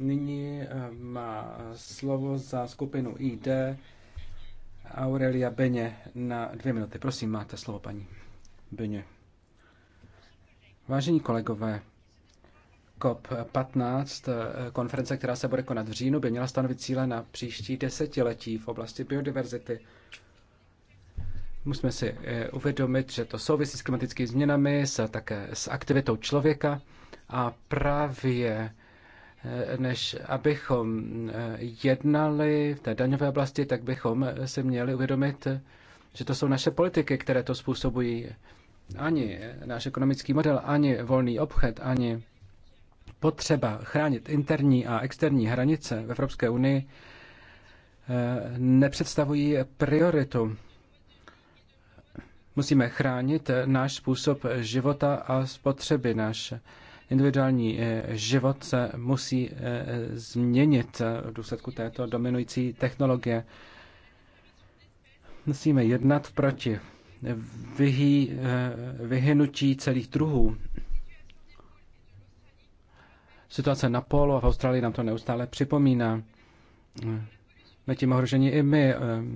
Nyní eh, má eh, slovo za skupinu ID Aurelia Beně na dvě minuty. Prosím, máte slovo, paní Beně. Vážení kolegové, COP15, eh, konference, která se bude konat v říjnu, by měla stanovit cíle na příští desetiletí v oblasti biodiverzity. Musíme si uvědomit, že to souvisí s klimatickými změnami, s, také s aktivitou člověka a právě než abychom eh, jednali v té daňové oblasti, tak bychom eh, si měli uvědomit, že to jsou naše politiky, které to způsobují. Ani náš ekonomický model, ani volný obchod, ani potřeba chránit interní a externí hranice v Evropské unii eh, nepředstavují prioritu. Musíme chránit náš způsob života a spotřeby, naše individuální eh, život se musí eh, změnit v důsledku této dominující technologie. Musíme jednat proti vyhý, eh, vyhynutí celých druhů. Situace na polu a v Austrálii nám to neustále připomíná. Jsme tím ohroženi i my,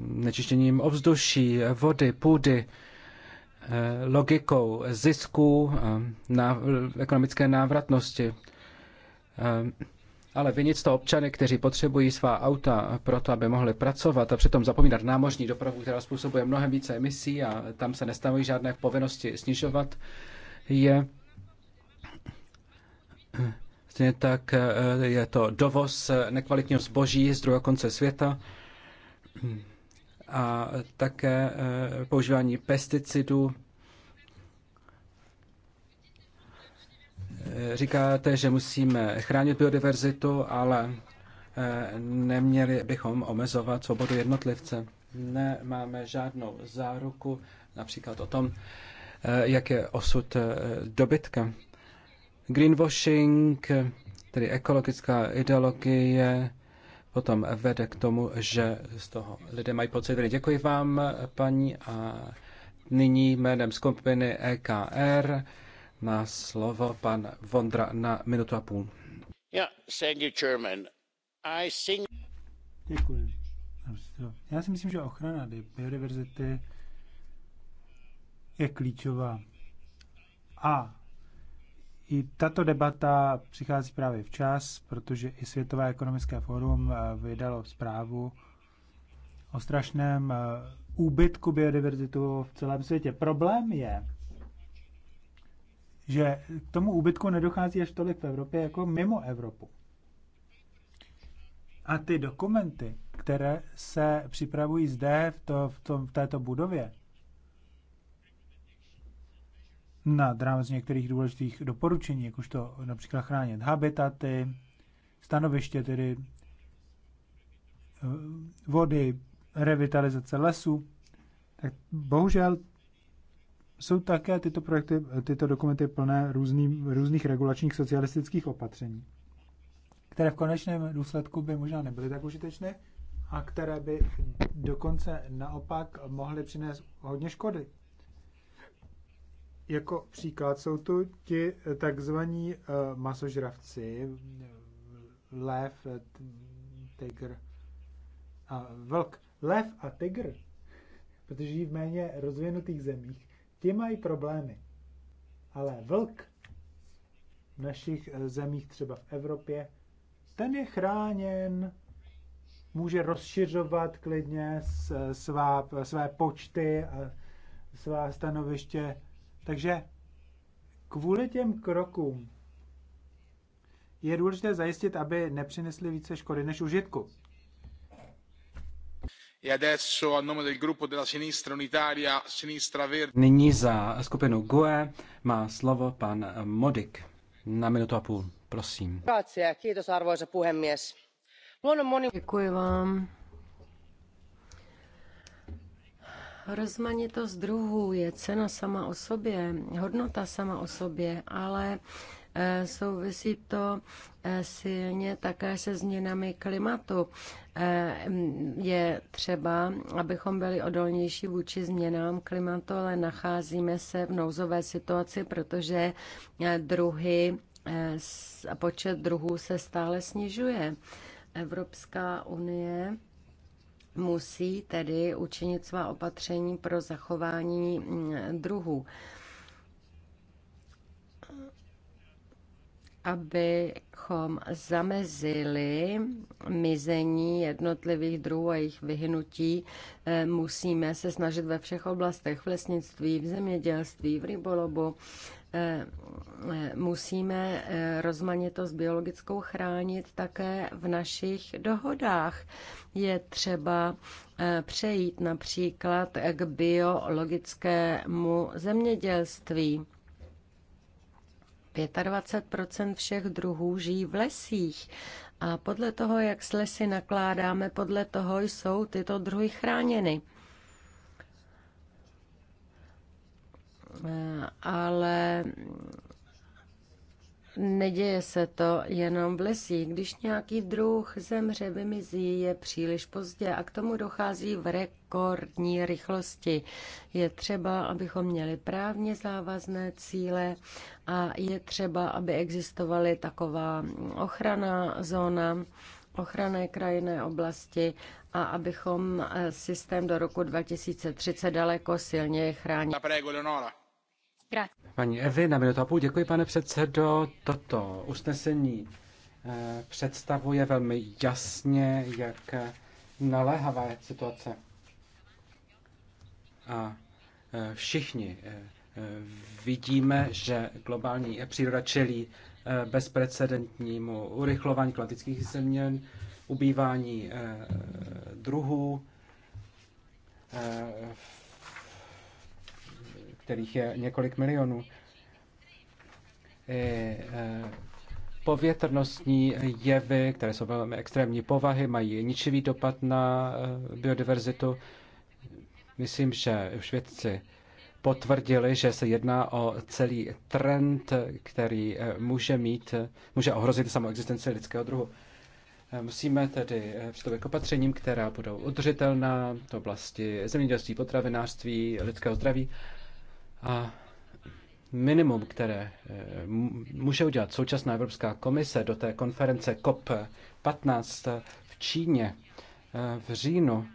nečištěním ovzduší, vody, půdy. Eh, logikou zisku, eh, na ekonomické návratnosti. Eh, ale vinit to občany, kteří potřebují svá auta pro to, aby mohli pracovat a přitom zapomínat námořní dopravu, která způsobuje mnohem více emisí a tam se nestavují žádné povinnosti snižovat, je stejně tak je to dovoz nekvalitního zboží z druhého konce světa a také eh, používání pesticidů. Eh, říkáte, že musíme chránit biodiverzitu, ale eh, neměli bychom omezovat svobodu jednotlivce. Nemáme žádnou záruku například o tom, jak je osud dobytka. Greenwashing, tedy ekologická ideologie, potom vede k tomu, že z toho lidé mají pocit viny. Děkuji vám, paní, a nyní jménem skupiny EKR na slovo pan Vondra na minutu a půl. Yeah, thank you, Chairman. I sing. Děkuji. Já si myslím, že ochrana biodiverzity je klíčová. A i tato debata přichází právě včas, protože i Světové ekonomické fórum eh, vydalo zprávu o strašném eh, úbytku biodiverzitu v celém světě. Problém je, že k tomu úbytku nedochází až tolik v Evropě jako mimo Evropu. A ty dokumenty, které se připravují zde v, to, v, tom, v této budově, nad rámec některých důležitých doporučení, jakožto například chránit habitaty, stanoviště, tedy eh, vody, revitalizace lesů, tak bohužel jsou také tyto projekty, tyto dokumenty plné různý, různých regulačních socialistických opatření, které v konečném důsledku by možná nebyly tak užitečné a které by dokonce naopak mohly přinést hodně škody jako příklad jsou tu ti takzvaní eh, masožravci, lev, eh, tygr a vlk. Lev a tygr, protože žijí v méně rozvinutých zemích, ti mají problémy. Ale vlk v našich eh, zemích, třeba v Evropě, ten je chráněn, může rozšiřovat klidně svá, své počty a svá stanoviště takže kvůli těm krokům je důležité zajistit, aby nepřinesli více škody než užitku. E Nyní za skupinu GUE má slovo pan Modik. Na minutu a půl, prosím. Děkuji vám. Rozmanitost druhů je cena sama o sobě, hodnota sama o sobě, ale eh, souvisí to eh, silně také se změnami klimatu. Eh, je třeba, abychom byli odolnější vůči změnám klimatu, ale nacházíme se v nouzové situaci, protože druhy, počet druhů se stále snižuje. Evropská unie musí tedy učinit svá opatření pro zachování mm, druhů. abychom zamezili mizení jednotlivých druhů a jejich vyhnutí, eh, musíme se snažit ve všech oblastech, v lesnictví, v zemědělství, v rybolobu, Eh, eh, musíme eh, rozmanitost biologickou chránit také v našich dohodách. Je třeba přejít například k biologickému zemědělství. 25 všech druhů žijí v lesích. A podle toho, jak s lesy nakládáme, podle toho jsou tyto druhy chráněny. ale neděje se to jenom v lesích. Když nějaký druh zemře, vymizí, je příliš pozdě a k tomu dochází v rekordní rychlosti. Je třeba, abychom měli právně závazné cíle a je třeba, aby existovaly taková ochrana zóna, ochranné krajinné oblasti a abychom systém do roku 2030 daleko silněji chránili. Paní Evy, na minutu a půl. Děkuji, pane předsedo. Toto usnesení eh, představuje velmi jasně, jak naléhavá je situace. A eh, všichni eh, vidíme, že globální příroda čelí bezprecedentnímu urychlování klimatických změn, ubývání druhů, kterých je několik milionů. I eh, povětrnostní jevy, které jsou velmi extrémní povahy, mají ničivý dopad na eh, biodiverzitu. Myslím, že už vědci potvrdili, že se jedná o celý trend, který eh, může mít, může ohrozit samou existenci lidského druhu. Musíme tedy přistoupit k opatřením, která budou udržitelná v oblasti zemědělství, potravinářství, lidského zdraví. A minimum, které eh, může udělat současná Evropská komise do té konference COP15 v Číně eh, v říjnu,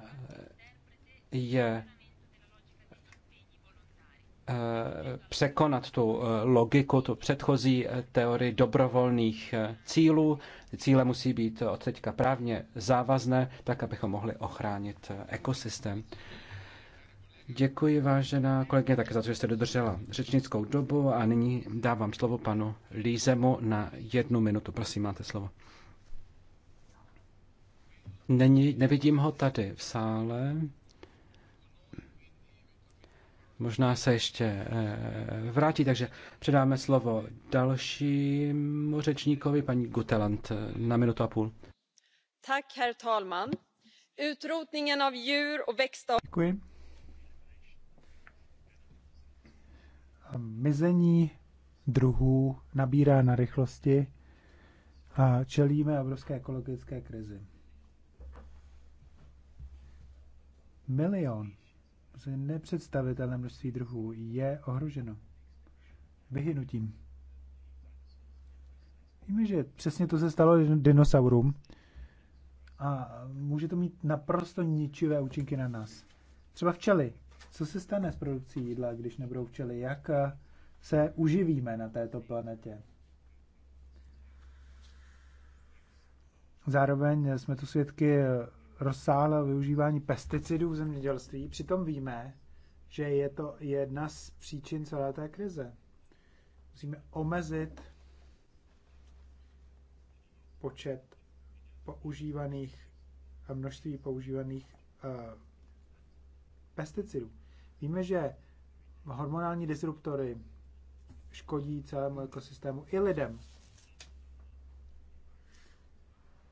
eh, je překonat tu logiku, tu předchozí teorii dobrovolných cílů. cíle musí být od teďka právně závazné, tak abychom mohli ochránit ekosystém. Děkuji, vážená kolegyně, také za to, že jste dodržela řečnickou dobu a nyní dávám slovo panu Lízemu na jednu minutu. Prosím, máte slovo. Není, nevidím ho tady v sále. Možná se ještě eh, vrátí, takže předáme slovo dalšímu řečníkovi, paní Guteland, na minutu a půl. Tak, herr talman. Utrotningen av djur och växter... Děkuji. mizení druhů nabírá na rychlosti a čelíme obrovské ekologické krizi. Milion, to je nepředstavitelné množství druhů, je ohroženo vyhynutím. Víme, že přesně to se stalo dinosaurům a může to mít naprosto ničivé účinky na nás. Třeba včely. Co se stane s produkcí jídla, když nebudou včely? Jak eh, se uživíme na této planetě? Zároveň jsme tu svědky eh, rozsáhlého využívání pesticidů v zemědělství. Přitom víme, že je to jedna z příčin celé té krize. Musíme omezit počet používaných a množství používaných uh, pesticidů. Víme, že hormonální disruptory škodí celému ekosystému i lidem.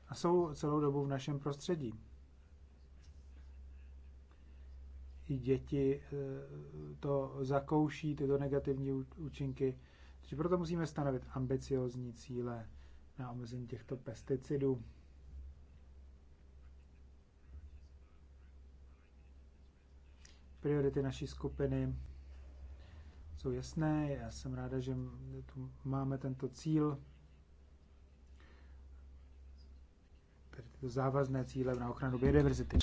A jsou celou dobu v našem prostředí. I děti eh, to zakouší, tyto negativní účinky. Takže proto musíme stanovit ambiciozní cíle na omezení těchto pesticidů. Priority naší skupiny jsou jasné. Já jsem ráda, že tu máme tento cíl, závazné cíle na ochranu biodiverzity.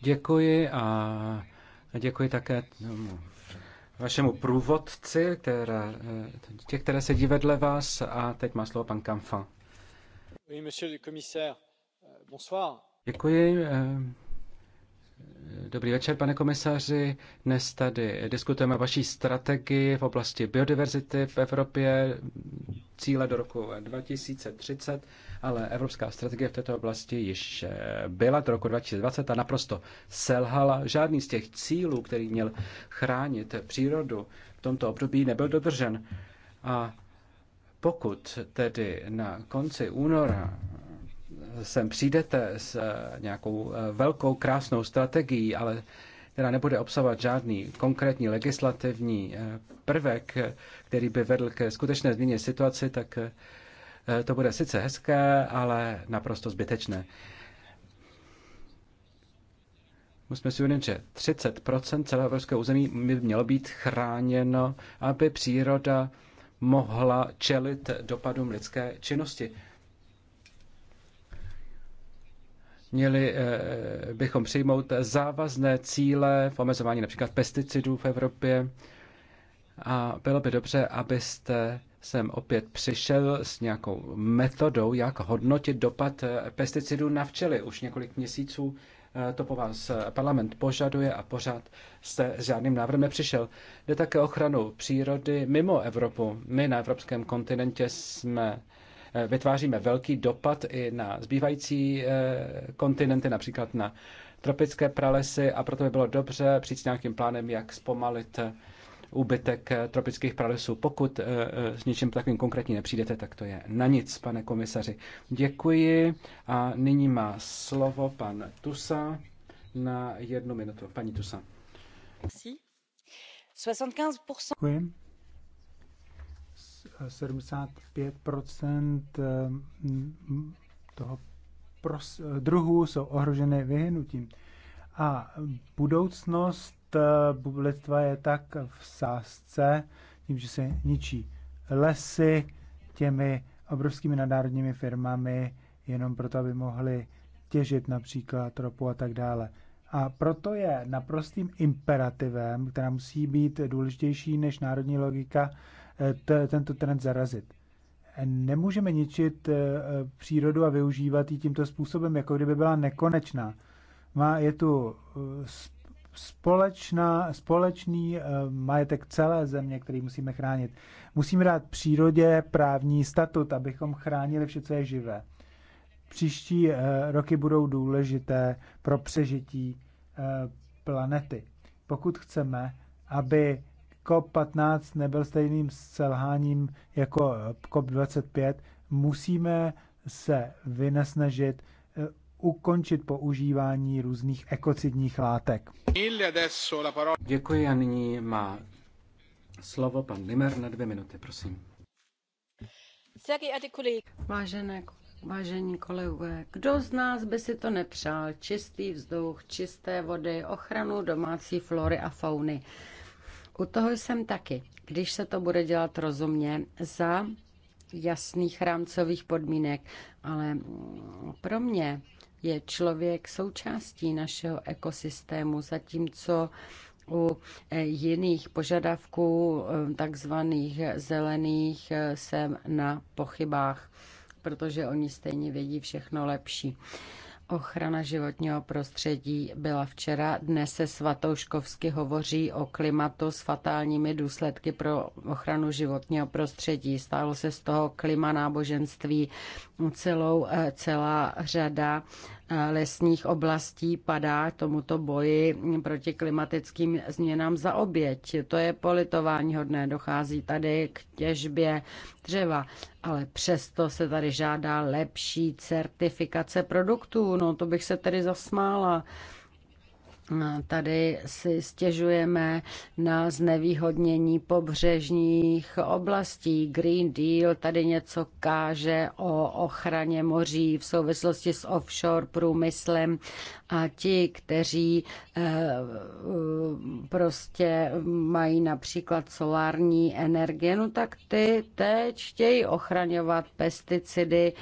Děkuji a děkuji také vašemu průvodci, které, tě, které sedí vedle vás a teď má slovo pan Kamfa. Euh, děkuji, eh, Dobrý večer, pane komisaři. Dnes tady diskutujeme o vaší strategii v oblasti biodiverzity v Evropě, cíle do roku 2030, ale evropská strategie v této oblasti již eh, byla do roku 2020 a naprosto selhala. Žádný z těch cílů, který měl chránit přírodu v tomto období, nebyl dodržen. A pokud tedy na konci února sem přijdete s eh, nějakou eh, velkou, krásnou strategií, ale která nebude obsahovat žádný konkrétní legislativní eh, prvek, který by vedl ke skutečné změně situaci, tak to bude sice hezké, ale naprosto zbytečné. Musíme si uvědomit, že 30 celého evropského území by mělo být chráněno, aby příroda mohla čelit dopadům lidské činnosti. Měli eh, bychom přijmout závazné cíle v omezování například pesticidů v Evropě a bylo by dobře, abyste sem opět přišel s nějakou metodou, jak hodnotit dopad eh, pesticidů na včely. Už několik měsíců eh, to po vás parlament požaduje a pořád jste s žádným návrhem nepřišel. Jde také ochranu přírody mimo Evropu. My na evropském kontinentě jsme Eh, vytváříme velký dopad i na zbývající eh, kontinenty, například na tropické pralesy a proto by bylo dobře přijít s nějakým plánem, jak zpomalit eh, úbytek tropických pralesů. Pokud s něčím takovým konkrétně nepřijdete, tak to je na nic, pane komisaři. Děkuji a nyní má slovo pan Tusa na jednu minutu. Paní Tusa. Děkuji. 75 eh, toho pros, eh, druhů jsou ohrožené vyhnutím. A budoucnost eh, lidstva je tak v sázce, tím, že se ničí lesy těmi obrovskými nadárodními firmami, jenom proto, aby mohli těžit například tropu a tak dále. A proto je naprostým imperativem, která musí být důležitější než národní logika, tento trend zarazit. Nemůžeme ničit e, přírodu a využívat ji tímto způsobem, jako kdyby byla nekonečná. Má, je tu e, společná, společný e, majetek celé země, který musíme chránit. Musíme dát přírodě právní statut, abychom chránili vše, co je živé. Příští roky budou důležité pro přežití planety. Pokud chceme, aby COP15 nebyl stejným selháním jako eh, COP25, musíme se vynesnažit eh, ukončit používání různých ekocidních látek. Děkuji a nyní má slovo pan Limer na dvě minuty, prosím. Vážené, vážení kolegové, kdo z nás by si to nepřál? Čistý vzduch, čisté vody, ochranu domácí flory a fauny. U toho jsem taky, když se to bude dělat rozumně, za jasných rámcových podmínek, ale pro mě je člověk součástí našeho ekosystému, zatímco u eh, jiných požadavků, eh, takzvaných zelených, eh, jsem na pochybách, protože oni stejně vědí všechno lepší. Ochrana životního prostředí byla včera. Dnes se svatouškovsky hovoří o klimatu s fatálními důsledky pro ochranu životního prostředí. Stálo se z toho klima náboženství celou, eh, celá řada lesních oblastí padá tomuto boji proti klimatickým změnám za oběť. To je politování hodné, dochází tady k těžbě dřeva, ale přesto se tady žádá lepší certifikace produktů. No to bych se tedy zasmála. Tady si stěžujeme na znevýhodnění pobřežních oblastí. Green Deal tady něco káže o ochraně moří v souvislosti s offshore průmyslem a ti, kteří eh, eh, prostě mají například solární energie, no tak ty teď chtějí ochraňovat pesticidy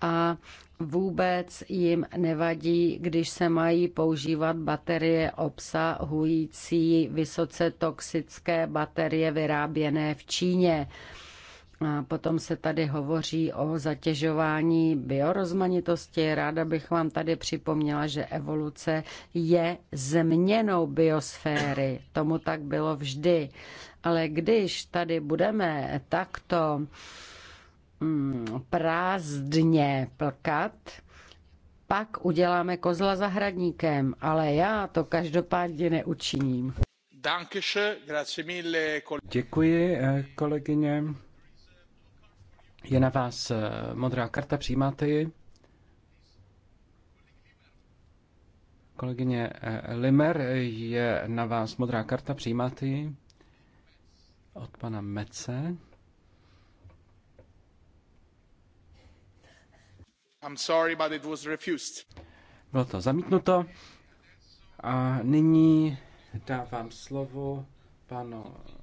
a vůbec jim nevadí, když se mají používat baterie obsahující vysoce toxické baterie vyráběné v Číně. A potom se tady hovoří o zatěžování biorozmanitosti. Ráda bych vám tady připomněla, že evoluce je změnou biosféry. Tomu tak bylo vždy. Ale když tady budeme takto Mm, prázdně plkat, pak uděláme kozla zahradníkem, ale já to každopádně neučiním. Děkuji, eh, kolegyně. Je na vás eh, modrá karta, přijímáte ji? Kolegyně eh, Limer, je na vás modrá karta, přijímáte ji? Od pana Mece. Bylo to zamítnuto. A nyní dávám slovo panu eh,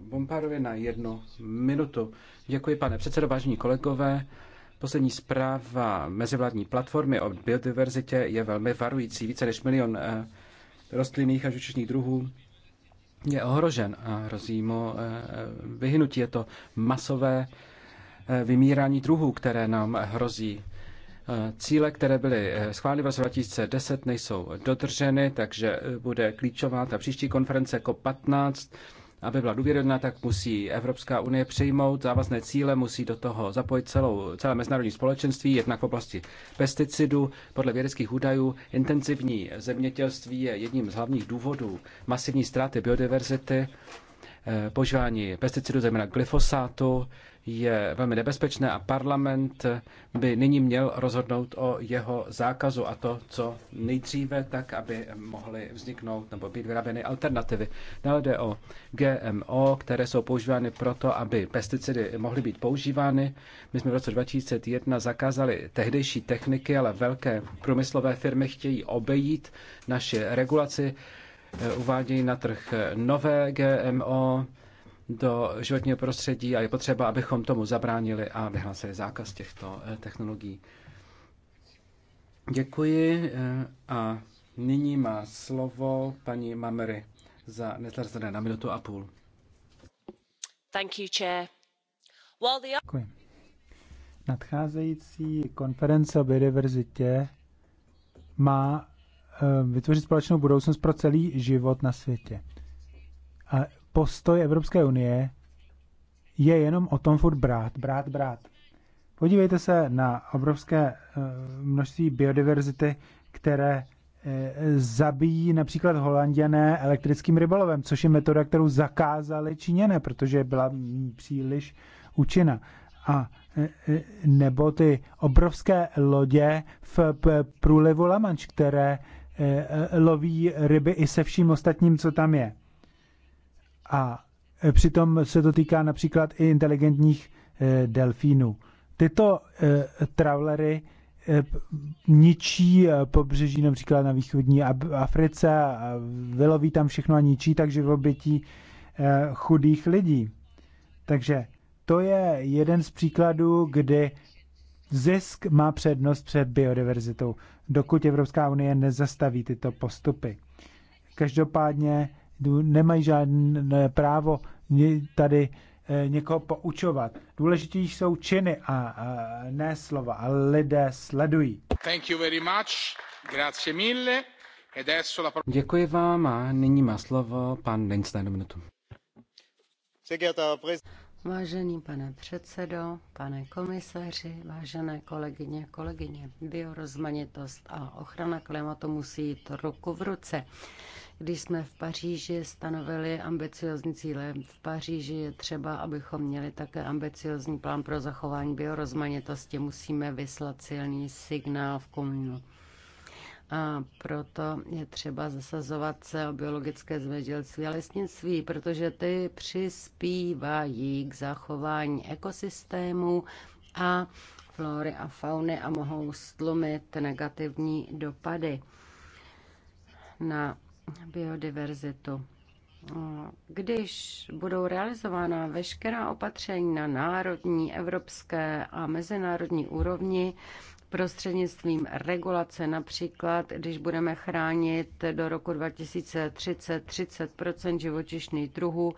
Bomparovi na jednu minutu. Děkuji, pane předsedo, vážení kolegové. Poslední zpráva mezivládní platformy o biodiverzitě je velmi varující. Více než milion eh, rostlinných a živočišných druhů je ohrožen a hrozí mu eh, vyhnutí. Je to masové vymírání druhů, které nám hrozí. Eh, cíle, které byly eh, schváleny v roce 2010, nejsou dodrženy, takže eh, bude klíčová ta příští konference COP15. Aby byla důvěryhodná, tak musí Evropská unie přijmout závazné cíle, musí do toho zapojit celou, celé mezinárodní společenství, jednak v oblasti pesticidů. Podle vědeckých údajů intenzivní zemědělství je jedním z hlavních důvodů masivní ztráty biodiverzity, požívání pesticidů, zejména glyfosátu, je velmi nebezpečné a parlament by nyní měl rozhodnout o jeho zákazu a to, co nejdříve, tak, aby mohly vzniknout nebo být vyráběny alternativy. Dále jde o GMO, které jsou používány proto, aby pesticidy mohly být používány. My jsme v roce 2001 zakázali tehdejší techniky, ale velké průmyslové firmy chtějí obejít naši regulaci, eh, uvádějí na trh nové GMO, do životního prostředí a je potřeba, abychom tomu zabránili a vyhlásili zákaz těchto eh, technologií. Děkuji eh, a nyní má slovo paní Mamery za nezlazené na minutu a půl. Thank you, chair. Well, the... Děkuji. Nadcházející konference o biodiverzitě má eh, vytvořit společnou budoucnost pro celý život na světě. A postoj Evropské unie je jenom o tom furt brát, brát, brát. Podívejte se na obrovské eh, množství biodiverzity, které eh, zabíjí například holanděné elektrickým rybolovem, což je metoda, kterou zakázali Číněné, protože byla příliš účinná. A eh, nebo ty obrovské lodě v průlivu Lamanč, které loví ryby i se vším ostatním, co tam je. A e, přitom se to týká například i inteligentních e, delfínů. Tyto e, travelery ničí pobřeží například na východní Africe a vyloví tam všechno a ničí, takže v obětí chudých lidí. Takže to je jeden z příkladů, kdy zisk má přednost před biodiverzitou, dokud Evropská unie nezastaví tyto postupy. Každopádně nemají žádné právo tady eh, někoho poučovat. Důležitější jsou činy a, ne slova. A lidé sledují. Thank you very much. Grazie mille. Děkuji vám a nyní má slovo pan Denc na minutu. Vážený pane předsedo, pane komisaři, vážené kolegyně, kolegyně, biorozmanitost a ochrana klimatu musí jít ruku v ruce. Když jsme v Paříži stanovili ambiciozní cíle, v Paříži je třeba, abychom měli také ambiciozní plán pro zachování biorozmanitosti. Musíme vyslat silný signál v komunu. A proto je třeba zasazovat se o biologické zvědělství a lesnictví, protože ty přispívají k zachování ekosystému a flory a fauny a mohou stlumit negativní dopady na biodiverzitu. Když budou realizována veškerá opatření na národní, evropské a mezinárodní úrovni, prostřednictvím regulace, například když budeme chránit do roku 2030 30 živočišných druhů,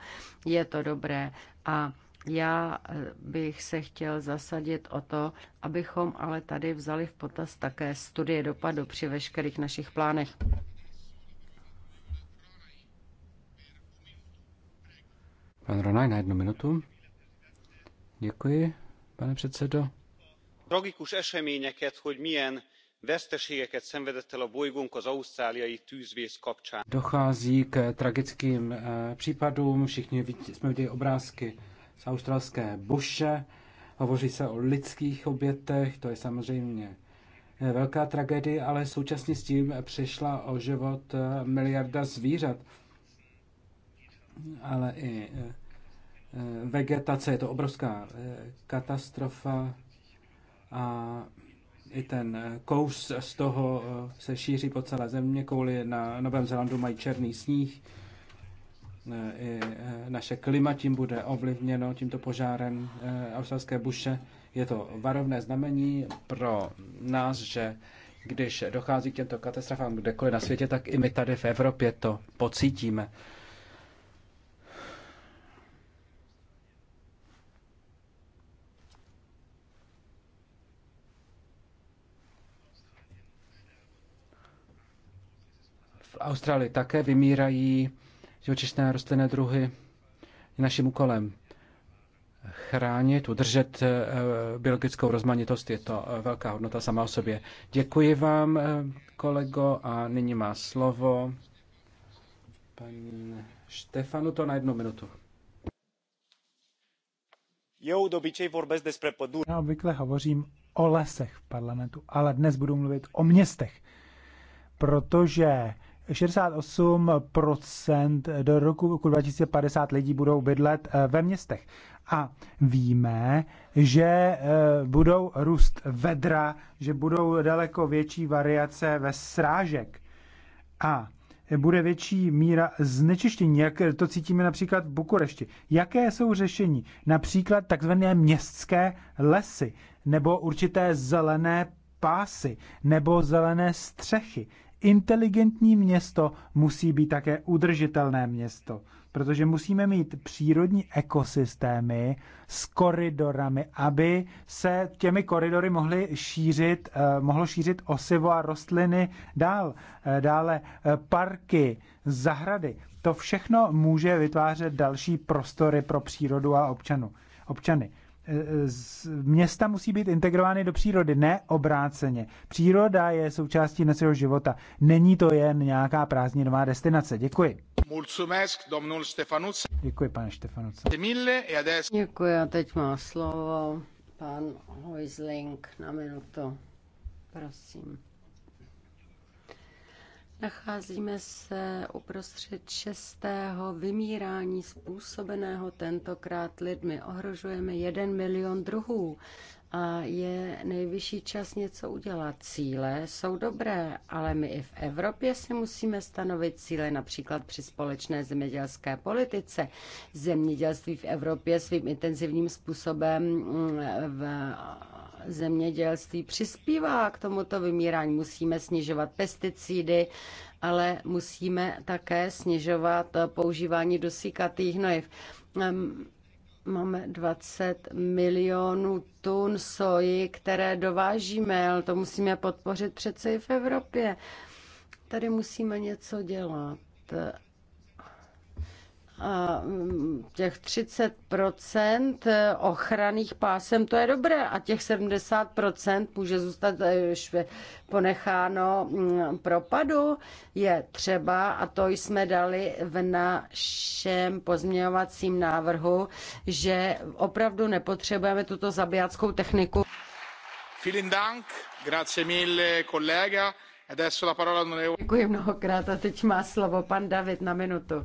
je to dobré. A já eh, bych se chtěl zasadit o to, abychom ale tady vzali v potaz také studie dopadu při veškerých našich plánech. Pan Ronaj na jednu minutu. Děkuji, pane předsedo. Tragikus eseményeket, hogy milyen veszteségeket szenvedett el a bolygónk az ausztráliai tűzvész kapcsán. Dochází k tragickým eh, případům. Všichni jsme viděli obrázky z australské buše. Hovoří se o lidských obětech, to je samozřejmě eh, velká tragédie, ale současně s tím přišla o život eh, miliarda zvířat ale i e, e, vegetace. Je to obrovská e, katastrofa a i ten kous z toho se šíří po celé země. Kouli na Novém Zélandu mají černý sníh. I naše klima tím bude ovlivněno tímto požárem australské buše. Je to varovné znamení pro nás, že když dochází k těmto katastrofám kdekoliv na světě, tak i my tady v Evropě to pocítíme. Austrálii také vymírají živočišné rostlinné druhy. Naším úkolem chránit, udržet eh, biologickou rozmanitost, je to eh, velká hodnota sama o sobě. Děkuji vám, eh, kolego, a nyní má slovo paní Štefanu to na jednu minutu. Já obvykle hovořím o lesech v parlamentu, ale dnes budu mluvit o městech, protože 68% do roku 2050 lidí budou bydlet eh, ve městech. A víme, že eh, budou růst vedra, že budou daleko větší variace ve srážek. A bude větší míra znečištění, jak to cítíme například v Bukurešti. Jaké jsou řešení? Například takzvané městské lesy, nebo určité zelené pásy, nebo zelené střechy. Inteligentní město musí být také udržitelné město, protože musíme mít přírodní ekosystémy s koridorami, aby se těmi koridory mohly šířit, eh, mohlo šířit osivo a rostliny dál, eh, dále eh, parky, zahrady. To všechno může vytvářet další prostory pro přírodu a občanu, občany města musí být integrovány do přírody, ne obráceně. Příroda je součástí našeho života. Není to jen nějaká prázdninová destinace. Děkuji. Mulțumesc, domnul Stefanuc. Děkuji, pane Štefanuc. E Děkuji a teď má slovo pan Hojzling na minutu. Prosím. Nacházíme se uprostřed šestého vymírání způsobeného tentokrát lidmi. Ohrožujeme jeden milion druhů a je nejvyšší čas něco udělat. Cíle jsou dobré, ale my i v Evropě si musíme stanovit cíle například při společné zemědělské politice. Zemědělství v Evropě svým intenzivním způsobem mm, v zemědělství přispívá k tomuto vymírání. Musíme snižovat pesticidy, ale musíme také snižovat používání dosíkatých hnojiv. Máme 20 milionů tun soji, které dovážíme, ale to musíme podpořit přece i v Evropě. Tady musíme něco dělat Eh, těch 30% ochranných pásem, to je dobré a těch 70% může zůstat eh, ponecháno mm, propadu. Je třeba, a to jsme dali v našem pozměňovacím návrhu, že opravdu nepotřebujeme tuto zabijáckou techniku. Vielen Dank, grazie mille, kolega. Děkuji mnohokrát a teď má slovo pan David na minutu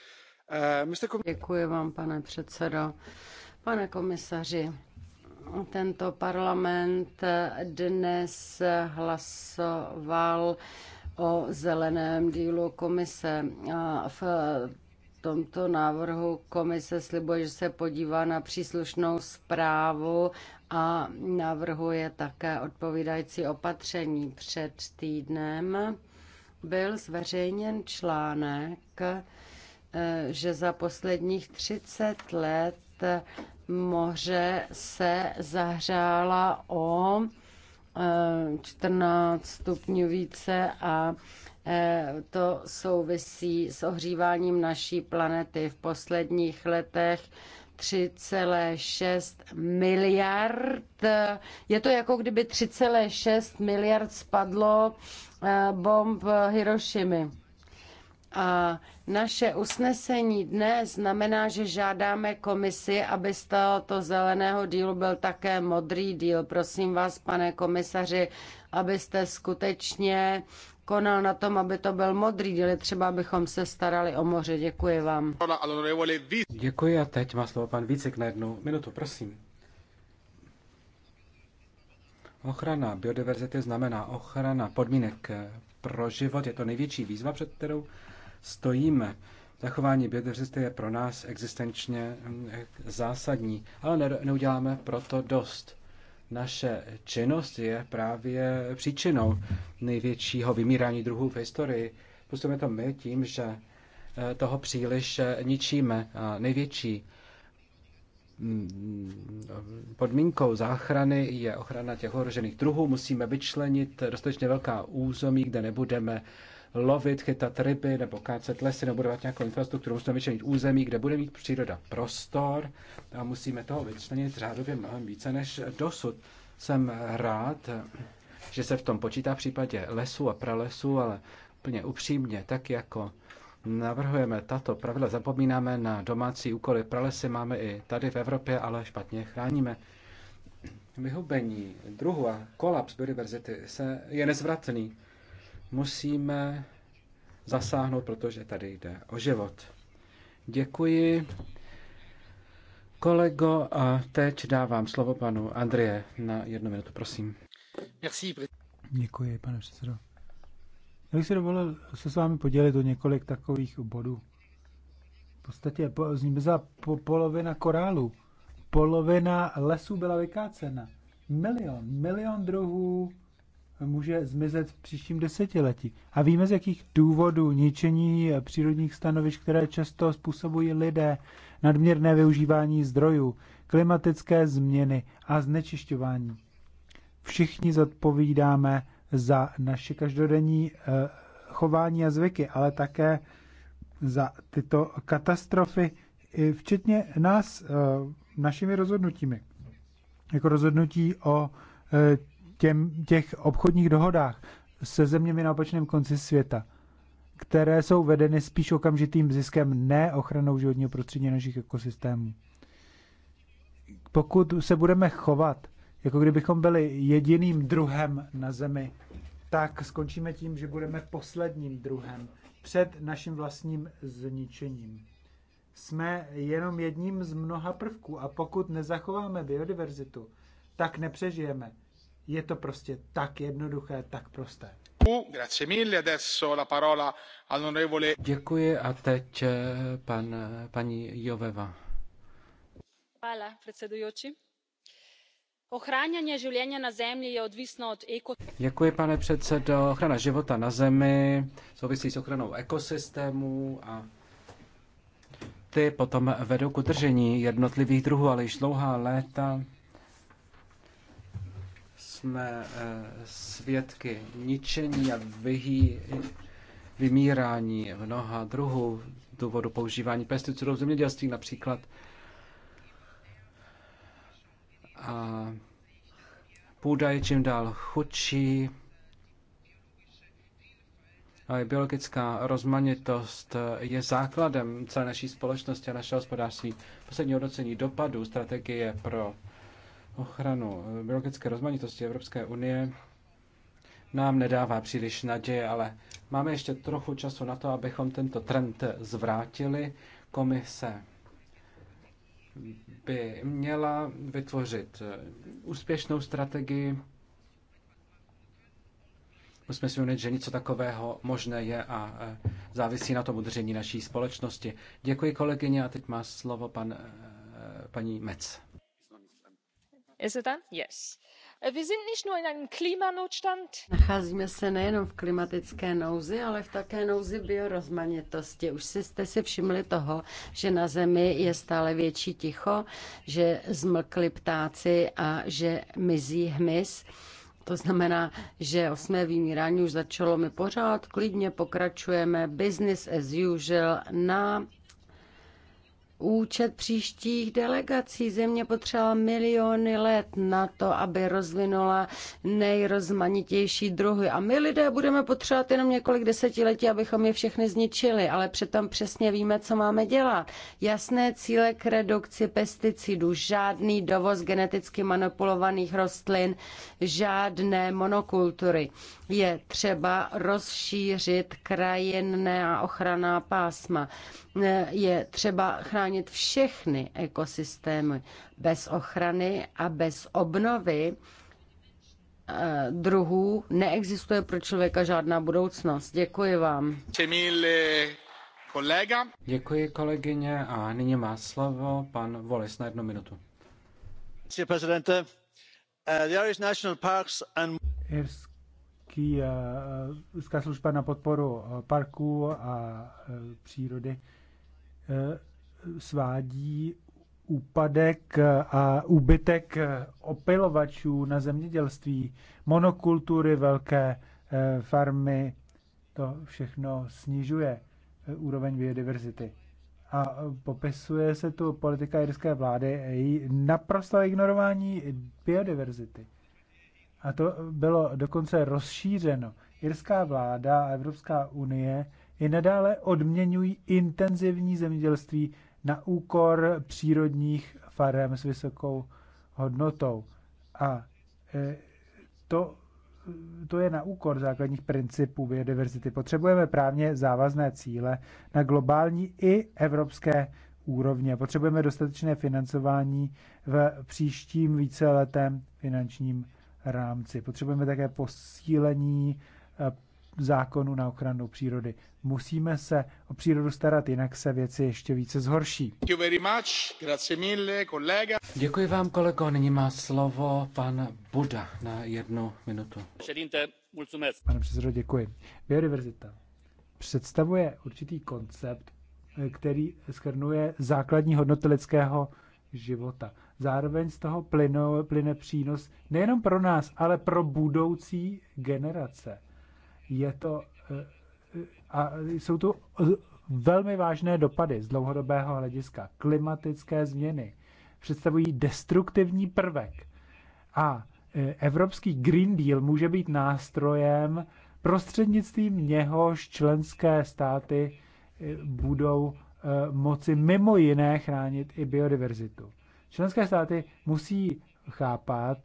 Děkuji vám, pane předsedo. Pane komisaři, tento parlament dnes hlasoval o zeleném dílu komise. V tomto návrhu komise slibuje, že se podívá na příslušnou zprávu a navrhuje také odpovídající opatření. Před týdnem byl zveřejněn článek, Eh, že za posledních 30 let moře se zahřála o 14 eh, stupňů více a eh, to souvisí s ohříváním naší planety. V posledních letech 3,6 miliard. Je to jako kdyby 3,6 miliard spadlo bomb Hirošimy. A naše usnesení dnes znamená, že žádáme komisi, aby z tohoto zeleného dílu byl také modrý díl. Prosím vás, pane komisaři, abyste skutečně konal na tom, aby to byl modrý díl, třeba abychom se starali o moře. Děkuji vám. Děkuji a teď má slovo pan Vícek na jednu minutu, prosím. Ochrana biodiverzity znamená ochrana podmínek pro život. Je to největší výzva, před kterou stojíme. Zachování biodiverzity je pro nás existenčně hm, zásadní, ale neuděláme proto dost. Naše činnost je právě příčinou největšího vymírání druhů v historii. Působíme to my tím, že eh, toho příliš eh, ničíme. A největší hm, podmínkou záchrany je ochrana těch ohrožených druhů. Musíme vyčlenit dostatečně velká území, kde nebudeme lovit, chytat ryby nebo kácet lesy nebo budovat nějakou infrastrukturu. Musíme vyčlenit území, kde bude mít příroda prostor a musíme toho vyčlenit řádově mnohem více než dosud. Jsem rád, že se v tom počítá v případě lesů a pralesů, ale úplně upřímně, tak jako navrhujeme tato pravidla, zapomínáme na domácí úkoly. Pralesy máme i tady v Evropě, ale špatně chráníme. Vyhubení druhu a kolaps biodiverzity se je nezvratný musíme zasáhnout, protože tady jde o život. Děkuji. Kolego, a teď dávám slovo panu Andrie na jednu minutu, prosím. Merci. Děkuji, pane předsedo. Já bych si dovolil se s vámi podělit o několik takových bodů. V podstatě po, za po, polovina korálu, polovina lesů byla vykácena. Milion, milion druhů může zmizet v příštím desetiletí. A víme, z jakých důvodů ničení přírodních stanovišť, které často způsobují lidé, nadměrné využívání zdrojů, klimatické změny a znečišťování. Všichni zodpovídáme za naše každodenní eh, chování a zvyky, ale také za tyto katastrofy, včetně nás, eh, našimi rozhodnutími. Jako rozhodnutí o eh, těm, těch obchodních dohodách se zeměmi na opačném konci světa, které jsou vedeny spíš okamžitým ziskem, ne ochranou životního prostředí našich ekosystémů. Pokud se budeme chovat, jako kdybychom byli jediným druhem na Zemi, tak skončíme tím, že budeme posledním druhem před naším vlastním zničením. Jsme jenom jedním z mnoha prvků a pokud nezachováme biodiverzitu, tak nepřežijeme. Je to prostě tak jednoduché, tak prosté. Děkuji a teď eh, pan, paní Joveva. Hvala, predsedujoči. Ochránění živlění na zemi je odvisno od eko... Děkuji, pane předsedo. Ochrana života na zemi souvisí s ochranou ekosystému a ty potom vedou k udržení jednotlivých druhů, ale již dlouhá léta jsme eh, svědky ničení a vyhý, vymírání mnoha druhů důvodu používání pesticidů v zemědělství například. A půda je čím dál chudší, ale biologická rozmanitost eh, je základem celé naší společnosti a našeho hospodářství. Poslední hodnocení dopadů strategie pro ochranu eh, biologické rozmanitosti Evropské unie nám nedává příliš naděje, ale máme ještě trochu času na to, abychom tento trend zvrátili. Komise by měla vytvořit eh, úspěšnou strategii. Musíme si uvědomit, že něco takového možné je a eh, závisí na tom udržení naší společnosti. Děkuji kolegyně a teď má slovo pan, paní Mec. Nacházíme se nejenom v klimatické nouzi, ale v také nouzi biorozmanitosti. Už jste si všimli toho, že na Zemi je stále větší ticho, že zmlkli ptáci a že mizí hmyz. To znamená, že osmé vymírání už začalo, my pořád klidně pokračujeme, business as usual na účet příštích delegací. Země potřebovala miliony let na to, aby rozvinula nejrozmanitější druhy. A my lidé budeme potřebovat jenom několik desetiletí, abychom je všechny zničili, ale přitom přesně víme, co máme dělat. Jasné cíle k redukci pesticidů, žádný dovoz geneticky manipulovaných rostlin, žádné monokultury. Je třeba rozšířit krajinné a ochranná pásma je třeba chránit všechny ekosystémy. Bez ochrany a bez obnovy eh, druhů neexistuje pro člověka žádná budoucnost. Děkuji vám. Děkuji kolegyně a nyní má slovo pan Volis na jednu minutu. Pane uh, Irish National Parks and... Irský, uh, Irská služba na podporu uh, parků a přírody svádí úpadek a úbytek opilovačů na zemědělství, monokultury, velké eh, farmy, to všechno snižuje eh, úroveň biodiverzity. A popisuje se tu politika jirské vlády její naprosto ignorování biodiverzity. A to bylo dokonce rozšířeno. Irská vláda a Evropská unie i nadále odměňují intenzivní zemědělství na úkor přírodních farem s vysokou hodnotou. A e, to, to je na úkor základních principů biodiverzity. Potřebujeme právně závazné cíle na globální i evropské úrovně. Potřebujeme dostatečné financování v příštím víceletém finančním rámci. Potřebujeme také posílení e, zákonu na ochranu přírody. Musíme se o přírodu starat, jinak se věci ještě více zhorší. Děkuji vám, kolego. Nyní má slovo pan Buda na jednu minutu. Pane předsedo, děkuji. Biodiverzita představuje určitý koncept, eh, který skrnuje základní hodnoty lidského života. Zároveň z toho plynou, plyne přínos nejenom pro nás, ale pro budoucí generace je to eh, eh, a jsou tu velmi vážné dopady z dlouhodobého hlediska. Klimatické změny představují destruktivní prvek a eh, Evropský Green Deal může být nástrojem, prostřednictvím něhož členské státy budou moci mimo jiné chránit i biodiverzitu. Členské státy musí chápat,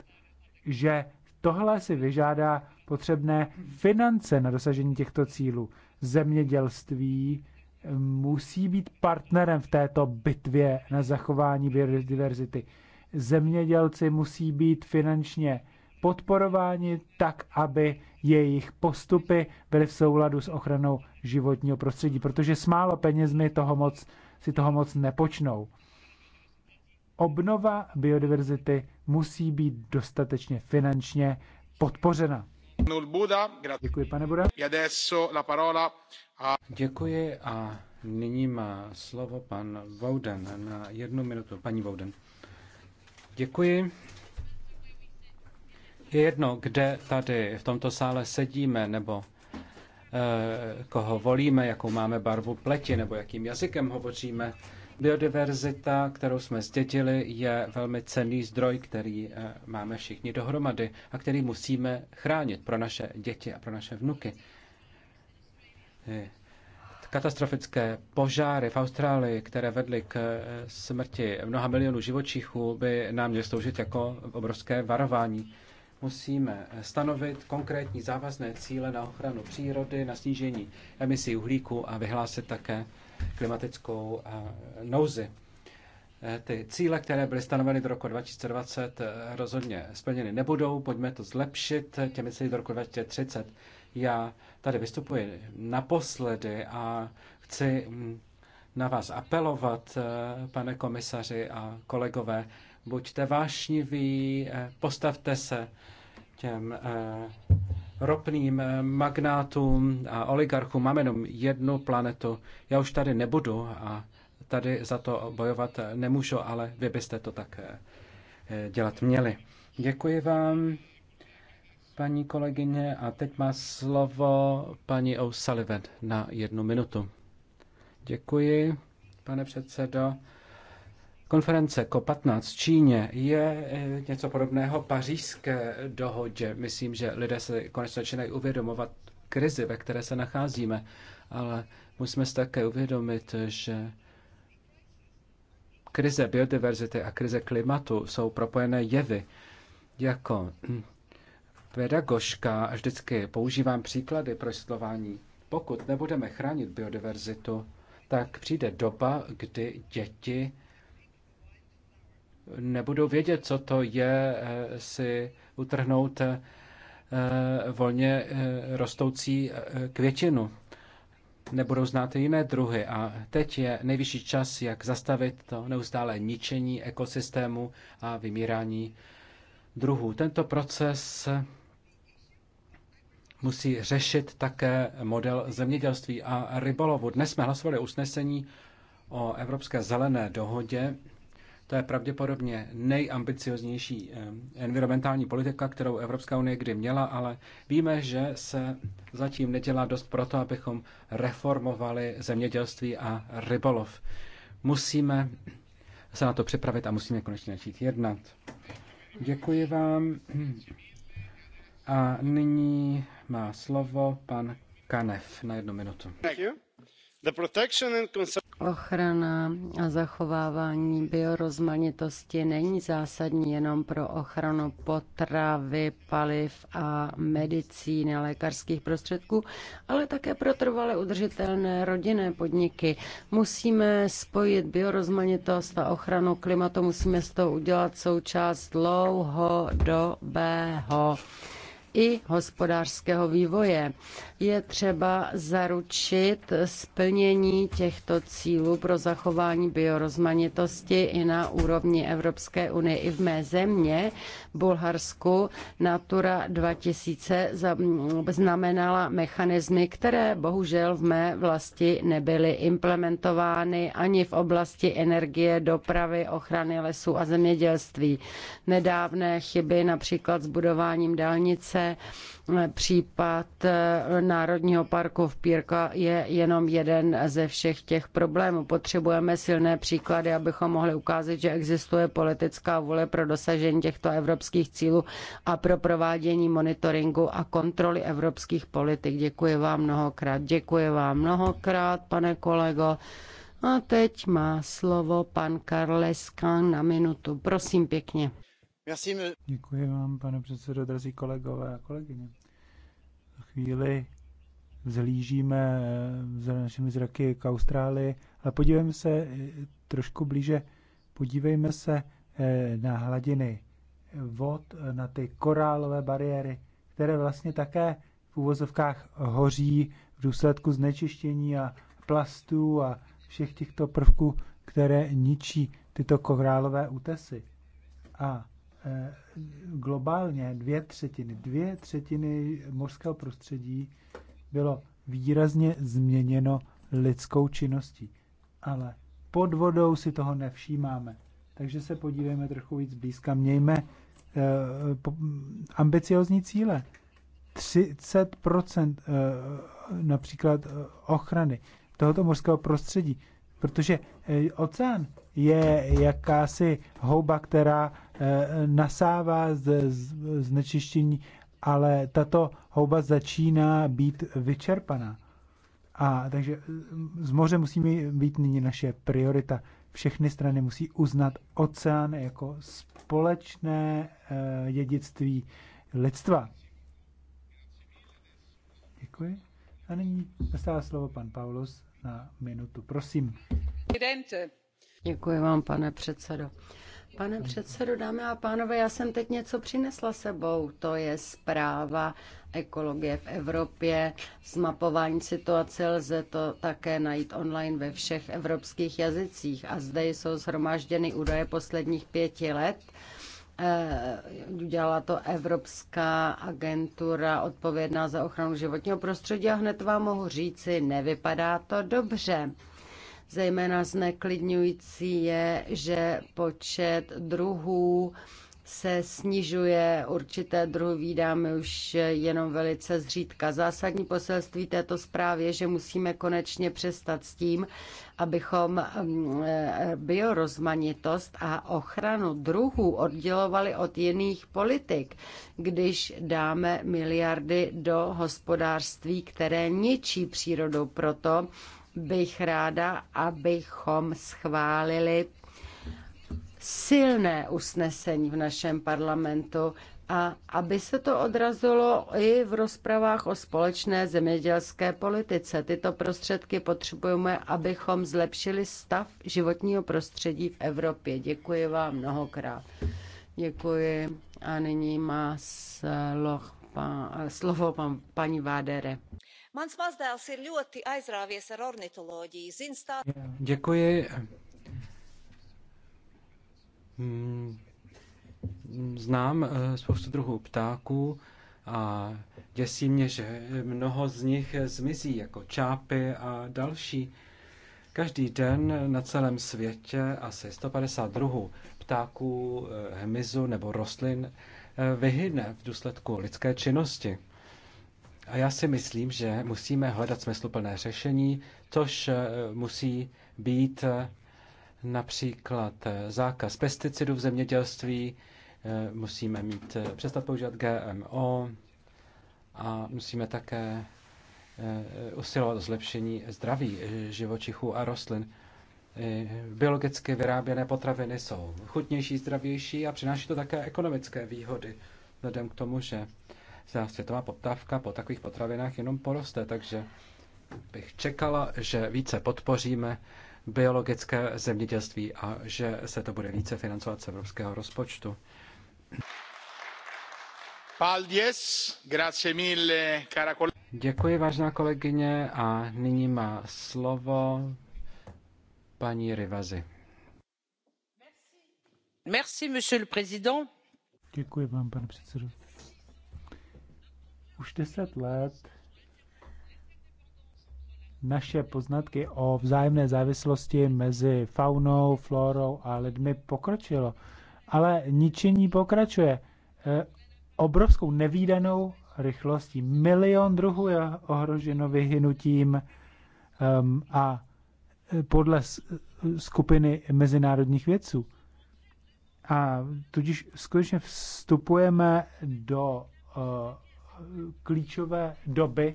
že tohle si vyžádá potřebné finance na dosažení těchto cílů. Zemědělství eh, musí být partnerem v této bitvě na zachování biodiverzity. Zemědělci musí být finančně podporováni tak, aby jejich postupy byly v souladu s ochranou životního prostředí, protože s málo penězmi toho moc, si toho moc nepočnou. Obnova biodiverzity musí být dostatečně finančně podpořena. Děkuji, pane Buda. Děkuji a nyní má slovo pan Vauden na jednu minutu. Paní Vauden. Děkuji. Je jedno, kde tady v tomto sále sedíme nebo eh, koho volíme, jakou máme barvu pleti nebo jakým jazykem hovoříme. Biodiverzita, kterou jsme zdědili, je velmi cenný zdroj, který eh, máme všichni dohromady a který musíme chránit pro naše děti a pro naše vnuky. Eh, katastrofické požáry v Austrálii, které vedly k eh, smrti mnoha milionů živočichů, by nám měly sloužit jako obrovské varování musíme stanovit konkrétní závazné cíle na ochranu přírody, na snížení emisí uhlíku a vyhlásit také klimatickou eh, nouzi. Eh, ty cíle, které byly stanoveny do roku 2020, eh, rozhodně splněny nebudou. Pojďme to zlepšit těmi cíly do roku 2030. Já tady vystupuji naposledy a chci mm, na vás apelovat, pane komisaři a kolegové. Buďte vášniví, postavte se těm ropným eh, magnátům a oligarchům. Máme jenom jednu planetu. Já už tady nebudu a tady za to bojovat nemůžu, ale vy byste to tak eh, eh, dělat měli. Děkuji vám, paní kolegyně, a teď má slovo paní O'Sullivan na jednu minutu. Děkuji, pane předsedo. Konference COP15 v Číně je eh, něco podobného pařížské dohodě. Myslím, že lidé se konečně začínají uvědomovat krizi, ve které se nacházíme, ale musíme si také uvědomit, že krize biodiverzity a krize klimatu jsou propojené jevy. Jako hm, pedagožka vždycky používám příklady pro vysvětlování. Pokud nebudeme chránit biodiverzitu, tak přijde doba, kdy děti nebudou vědět, co to je eh, si utrhnout eh, volně eh, rostoucí květinu. Nebudou znát i jiné druhy a teď je nejvyšší čas, jak zastavit to neustále ničení ekosystému a vymírání druhů. Tento proces musí řešit také model zemědělství a rybolovu. Dnes jsme hlasovali usnesení o Evropské zelené dohodě, to je pravděpodobně nejambicioznější eh, environmentální politika, kterou Evropská unie kdy měla, ale víme, že se zatím nedělá dost pro to, abychom reformovali zemědělství a rybolov. Musíme se na to připravit a musíme konečně začít jednat. Děkuji vám. A nyní má slovo pan Kanev na jednu minutu. Ochrana a zachovávání biorozmanitosti není zásadní jenom pro ochranu potravy, paliv a medicíny lékařských prostředků, ale také pro trvale udržitelné rodinné podniky. Musíme spojit biorozmanitost a ochranu klimatu, musíme z toho udělat součást dlouhodobého i hospodářského vývoje je třeba zaručit splnění těchto cílů pro zachování biorozmanitosti i na úrovni Evropské unie. I v mé země, Bulharsku, Natura 2000 znamenala mechanismy, které bohužel v mé vlasti nebyly implementovány ani v oblasti energie, dopravy, ochrany lesů a zemědělství. Nedávné chyby například s budováním dálnice, Případ eh, Národního parku v Pírka je jenom jeden ze všech těch problémů. Potřebujeme silné příklady, abychom mohli ukázat, že existuje politická vůle pro dosažení těchto evropských cílů a pro provádění monitoringu a kontroly evropských politik. Děkuji vám mnohokrát. Děkuji vám mnohokrát, pane kolego. A teď má slovo pan Karleskan na minutu. Prosím pěkně. Děkuji vám, pane předsedo, drazí kolegové a kolegyně chvíli zhlížíme za našimi zraky k Austrálii, ale podívejme se eh, trošku blíže, podívejme se eh, na hladiny vod, na ty korálové bariéry, které vlastně také v úvozovkách hoří v důsledku znečištění a plastů a všech těchto prvků, které ničí tyto korálové útesy. A eh, globálně dvě třetiny, dvě třetiny mořského prostředí bylo výrazně změněno lidskou činností. Ale pod vodou si toho nevšímáme. Takže se podívejme trochu víc blízka. Mějme eh, ambiciozní cíle. 30% eh, například eh, ochrany tohoto mořského prostředí, protože eh, oceán je jakási houba, která eh, nasává znečištění, ale tato houba začíná být vyčerpaná. A takže eh, z moře musí být nyní naše priorita. Všechny strany musí uznat oceán jako společné eh, dědictví lidstva. Děkuji. A nyní dostává slovo pan Paulus na minutu. Prosím. Presidente. Děkuji vám, pane předsedo. Pane předsedo, dámy a pánové, já jsem teď něco přinesla sebou. To je zpráva ekologie v Evropě. Zmapování situace lze to také najít online ve všech evropských jazycích. A zde jsou zhromážděny údaje posledních pěti let. Eh, udělala to Evropská agentura odpovědná za ochranu životního prostředí a hned vám mohu říci, nevypadá to dobře. Zejména zneklidňující je, že počet druhů se snižuje, určité druhy vydáme už jenom velice zřídka. Zásadní poselství této zprávy je, že musíme konečně přestat s tím, abychom mm, eh, biorozmanitost a ochranu druhů oddělovali od jiných politik, když dáme miliardy do hospodářství, které ničí přírodu proto, bych ráda, abychom schválili silné usnesení v našem parlamentu a aby se to odrazilo i v rozpravách o společné zemědělské politice. Tyto prostředky potřebujeme, abychom zlepšili stav životního prostředí v Evropě. Děkuji vám mnohokrát. Děkuji. A nyní má slovo, slovo pan, paní Vádere. Děkuji. Mm, znám eh, spoustu druhů ptáků a děsí mě, že mnoho z nich zmizí, jako čápy a další. Každý den na celém světě asi 150 druhů ptáků, eh, hmyzu nebo rostlin eh, vyhyne v důsledku lidské činnosti. A já si myslím, že musíme hledat smysluplné řešení, což eh, musí být eh, například eh, zákaz pesticidů v zemědělství, musíme mít přestat používat GMO a musíme také usilovat o zlepšení zdraví živočichů a rostlin. Biologicky vyráběné potraviny jsou chutnější, zdravější a přináší to také ekonomické výhody, vzhledem k tomu, že ta světová poptávka po takových potravinách jenom poroste, takže bych čekala, že více podpoříme biologické zemědělství a že se to bude více financovat z evropského rozpočtu. Děkuji, vážná kolegyně, a nyní má slovo paní Rivazi. Merci, monsieur le président. Děkuji vám, pane předsedo. Už deset let naše poznatky o vzájemné závislosti mezi faunou, florou a lidmi pokročilo. Ale ničení pokračuje e, obrovskou nevýdanou rychlostí. Milion druhů je ohroženo vyhynutím e, a podle skupiny mezinárodních vědců. A tudíž skutečně vstupujeme do e, klíčové doby,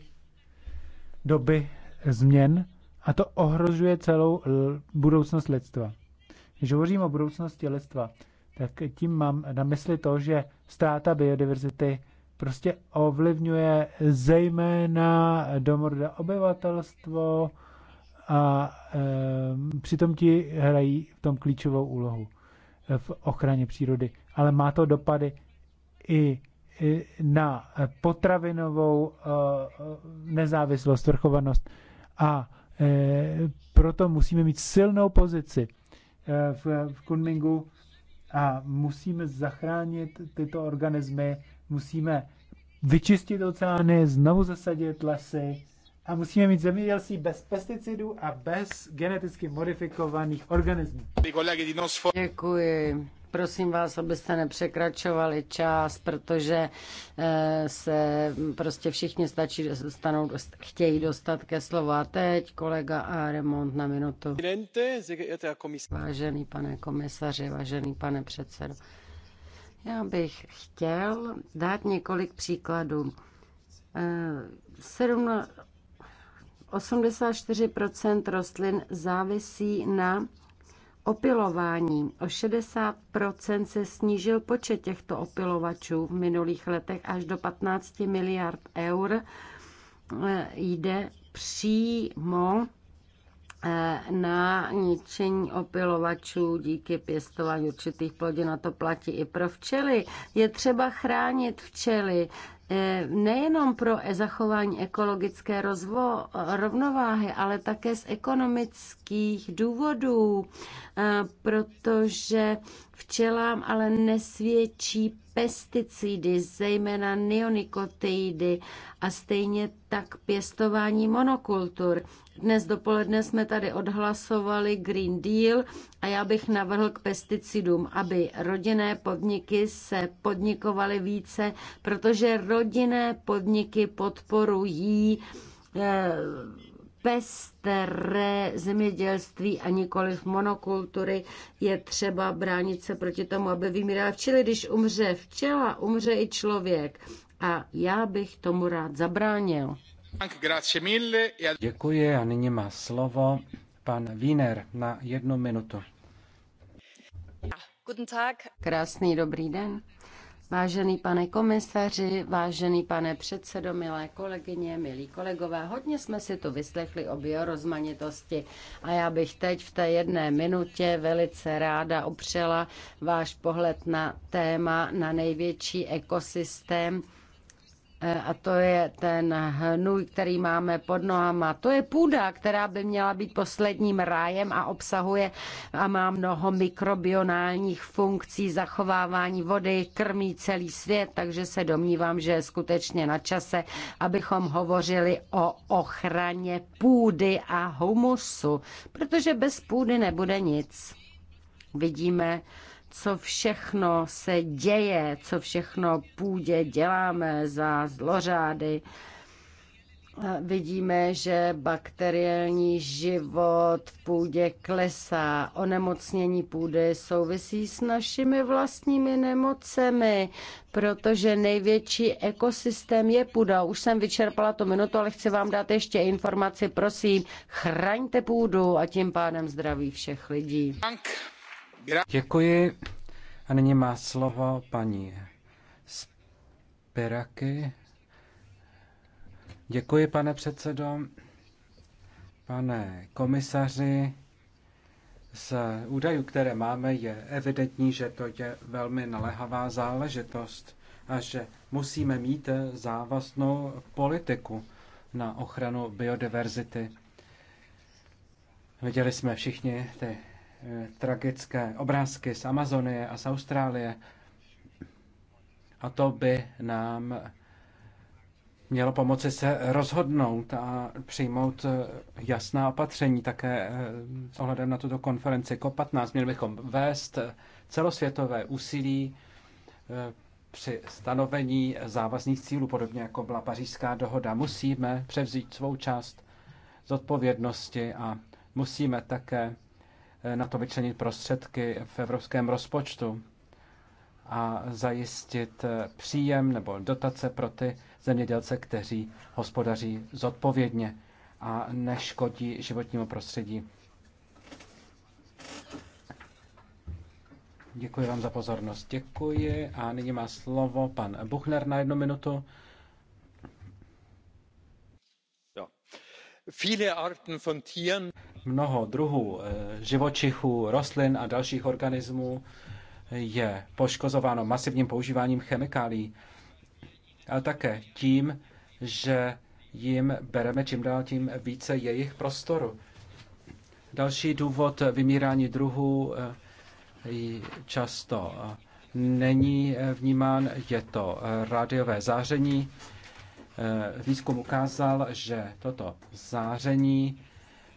doby změn a to ohrožuje celou eh, budoucnost lidstva. Když hovořím o budoucnosti lidstva, tak tím mám na mysli to, že ztráta biodiverzity prostě ovlivňuje zejména domorodé obyvatelstvo a e, přitom ti hrají v tom klíčovou úlohu eh, v ochraně přírody. Ale má to dopady i na potravinovou eh, nezávislost, vrchovanost. a eh, proto musíme mít silnou pozici eh, v, v Kunmingu a musíme zachránit tyto organismy, musíme vyčistit oceány, znovu zasadit lesy a musíme mít zemědělství bez pesticidů a bez geneticky modifikovaných organismů. Děkuji Prosím vás, abyste nepřekračovali čas, protože eh, se prostě všichni stačí, stanou, chtějí dostat ke slovu. A teď kolega a remont na minutu. Vážený pane komisaři, vážený pane předsedo, já bych chtěl dát několik příkladů. 84 eh, rostlin závisí na opilováním. O 60 se snížil počet těchto opilovačů v minulých letech až do 15 miliard eur. Eh, jde přímo eh, na ničení opilovačů díky pěstování určitých plodin. Na to platí i pro včely. Je třeba chránit včely Eh, nejenom pro e- zachování ekologické rozvo- rovnováhy, ale také z ekonomických důvodů, eh, protože včelám ale nesvědčí pesticidy, zejména neonikotidy a stejně tak pěstování monokultur. Dnes dopoledne jsme tady odhlasovali Green Deal a já bych navrhl k pesticidům, aby rodinné podniky se podnikovaly více, protože rodinné podniky podporují eh, pestré zemědělství a v monokultury. Je třeba bránit se proti tomu, aby vymírala včely. Když umře včela, umře i člověk. A já bych tomu rád zabránil. E Děkuji a nyní má slovo pan Wiener na jednu minutu. Krásný dobrý den. Vážený pane komisaři, vážený pane předsedo, milé kolegyně, milí kolegové, hodně jsme si tu vyslechli o biorozmanitosti a já bych teď v té jedné minutě velice ráda opřela váš pohled na téma, na největší ekosystém, Eh, a to je ten hnůj, který máme pod nohama. To je půda, která by měla být posledním rájem a obsahuje a má mnoho mikrobionálních funkcí zachovávání vody, krmí celý svět, takže se domnívám, že je skutečně na čase, abychom hovořili o ochraně půdy a humusu, protože bez půdy nebude nic. Vidíme, co všechno se děje, co všechno půdě děláme za zlořády. Vidíme, že bakteriální život v půdě klesá. Onemocnění půdy souvisí s našimi vlastními nemocemi, protože největší ekosystém je půda. Už jsem vyčerpala tu minutu, ale chci vám dát ještě informaci. Prosím, chraňte půdu a tím pádem zdraví všech lidí. Děkuji. A nyní má slovo paní Spiraky. Děkuji, pane předsedo. Pane komisaři, z údajů, které máme, je evidentní, že to je velmi naléhavá záležitost a že musíme mít závaznou politiku na ochranu biodiverzity. Viděli jsme všichni ty Eh, tragické obrázky z Amazonie a z Austrálie. A to by nám mělo pomoci se rozhodnout a přijmout eh, jasná opatření také eh, s ohledem na tuto konferenci COP15. Měli bychom vést celosvětové úsilí při stanovení závazných cílů, podobně jako byla pařížská dohoda. Musíme převzít svou část zodpovědnosti a musíme také Eh, na to vyčlenit prostředky v evropském rozpočtu a zajistit eh, příjem nebo dotace pro ty zemědělce, kteří hospodaří zodpovědně a neškodí životnímu prostředí. Děkuji vám za pozornost. Děkuji a nyní má slovo pan Buchner na jednu minutu. Mnoho druhů eh, živočichů, rostlin a dalších organismů eh, je poškozováno masivním používáním chemikálí, ale také tím, že jim bereme čím dál tím více jejich prostoru. Další důvod vymírání druhů eh, často není vnímán, je to rádiové záření. Eh, výzkum ukázal, že toto záření